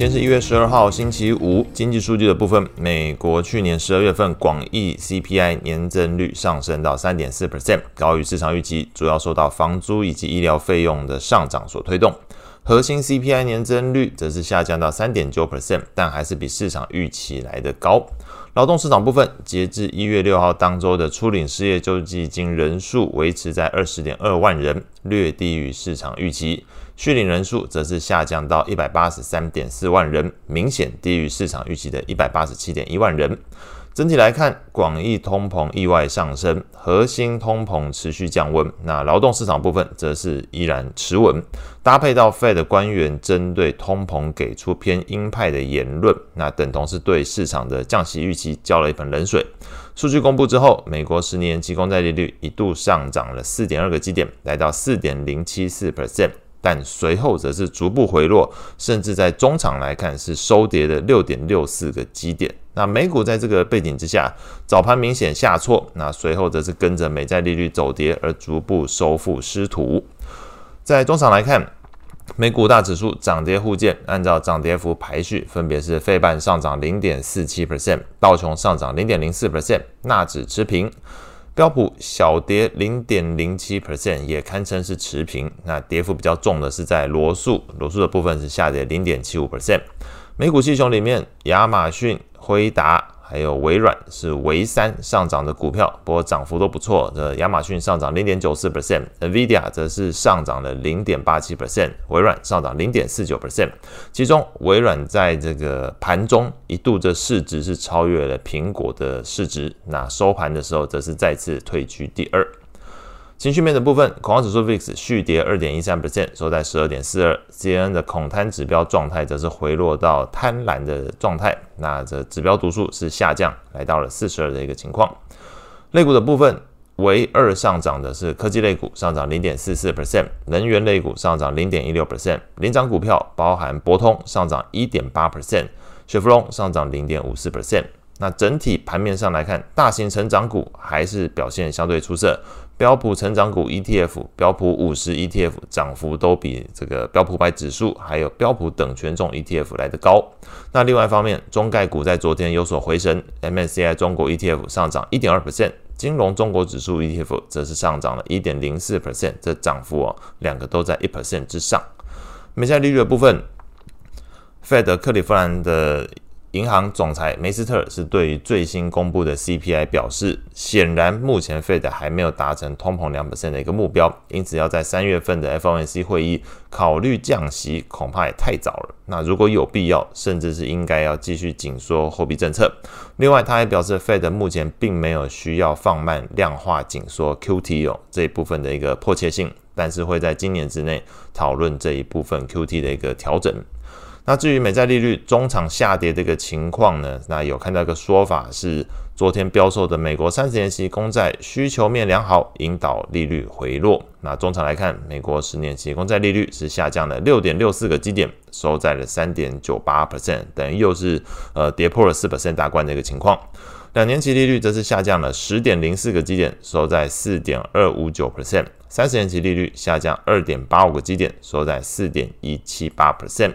今天是1月12號星期五，經濟數據的部分，美國去年12月份廣義 CPI 年增率上升到3.4%，高於市場預期，主要受到房租以及醫療費用的上漲所推動。核心 CPI 年增率則是下降到三點九 percent，但還是比市場預期來得高。勞動市場部分，截至一月六號當周的初領失業救濟金人數維持在二十點二萬人，略低於市場預期；續領人數則是下降到一百八十三點四萬人，明顯低於市場預期的一百八十七點一萬人。整體來看，廣義通膨意外上升，核心通膨持續降溫。那勞動市場部分則是依然持穩。搭配到 Fed 官員針對通膨給出偏鷹派的言論，那等同是對市場的降息預期澆了一盆冷水。數據公布之後，美國十年期公債利率一度上漲了四點二個基點，來到四點零七四 percent，但隨後則是逐步回落，甚至在終場來看是收跌了六點六四個基點。那美股在這個背景之下，早盤明顯下挫，那隨後則是跟着美債利率走跌而逐步收復失土。在終場來看，美股大指數漲跌互見，按照漲跌幅排序，分別是費半上漲零點四七 percent，道瓊上漲零點零四 percent，納指持平，標普小跌零點零七 percent，也堪稱是持平。那跌幅比較重的是在羅素，羅素的部分是下跌零點七五 percent。美股七雄裡面，亞馬遜。輝達還有微軟是唯三上漲的股票，不過漲幅都不錯。這亞馬遜上漲零點九四 percent，NVIDIA 則是上漲了零點八七 percent，微軟上漲零點四九 percent。其中微軟在這個盤中一度的市值是超越了蘋果的市值，那收盤的時候則是再次退居第二。情緒面的部分，恐慌指數 VIX 續跌二點一三 percent，收在十二點四二。CNN 的恐貪指標狀態則是回落到貪婪的狀態，那這指標讀數是下降，來到了四十二的一個情況。類股的部分，唯二上漲的是科技類股，上漲零點四四 percent；能源類股上漲零點一六 percent。領漲股票包含博通上漲一點八 percent，雪佛龍上漲零點五四 percent。那整體盤面上來看，大型成長股還是表現相對出色。標普成長股 ETF、標普五十 ETF 漲幅都比這個標普白指數還有標普等權重 ETF 來得高。那另外一方面，中概股在昨天有所回升 m s c i 中國 ETF 上漲一點二 percent，金融中國指數 ETF 則是上漲了一點零四 percent，這漲幅哦、啊，兩個都在一 percent 之上。美債利率的部分，費德克利夫蘭的。銀行總裁梅斯特是對於最新公布的 CPI 表示，顯然目前 Fed 還沒有達成通膨兩趴的一個目標，因此要在三月份的 FOMC 會議考慮降息，恐怕也太早了。那如果有必要，甚至是應該要繼續緊縮貨幣政策。另外，他還表示，Fed 目前並沒有需要放慢量化緊縮 QT 有、喔、這一部分的一個迫切性，但是會在今年之內討論這一部分 QT 的一個調整。那至於美債利率終場下跌的一個情況呢，那有看到一個說法是，昨天標售的美國三十年期公債需求面良好，引導利率回落。那終場來看，美國十年期公債利率是下降了六點六四個基點，收在了三點九八 percent，等於又是呃跌破了四 percent 大關的一個情況。兩年期利率則是下降了十點零四個基點，收在四點二五九 percent。三十年期利率下降二點八五個基點，收在四點一七八 percent。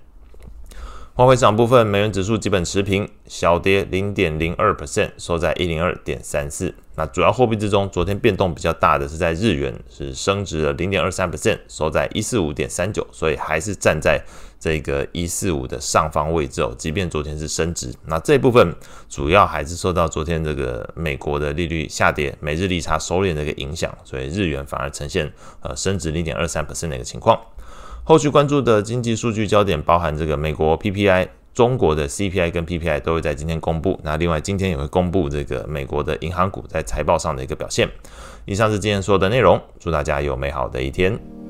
外匯市場部分，美元指數基本持平，小跌零點零二 percent，收在一零二點三四。那主要貨幣之中，昨天變動比較大的是在日元，是升值了零點二三 percent，收在一四五點三九，所以還是站在這個一四五的上方位置哦。即便昨天是升值，那這部分主要還是受到昨天這個美國的利率下跌、美日利差收斂的一個影響，所以日元反而呈現呃升值零點二三 percent 的一個情況。後續關注的經濟數據焦點包含這個美國 PPI、中國的 CPI 跟 PPI 都會在今天公布。那另外今天也會公布這個美國的銀行股在財報上的一個表現。以上是今天所有的內容，祝大家有美好的一天。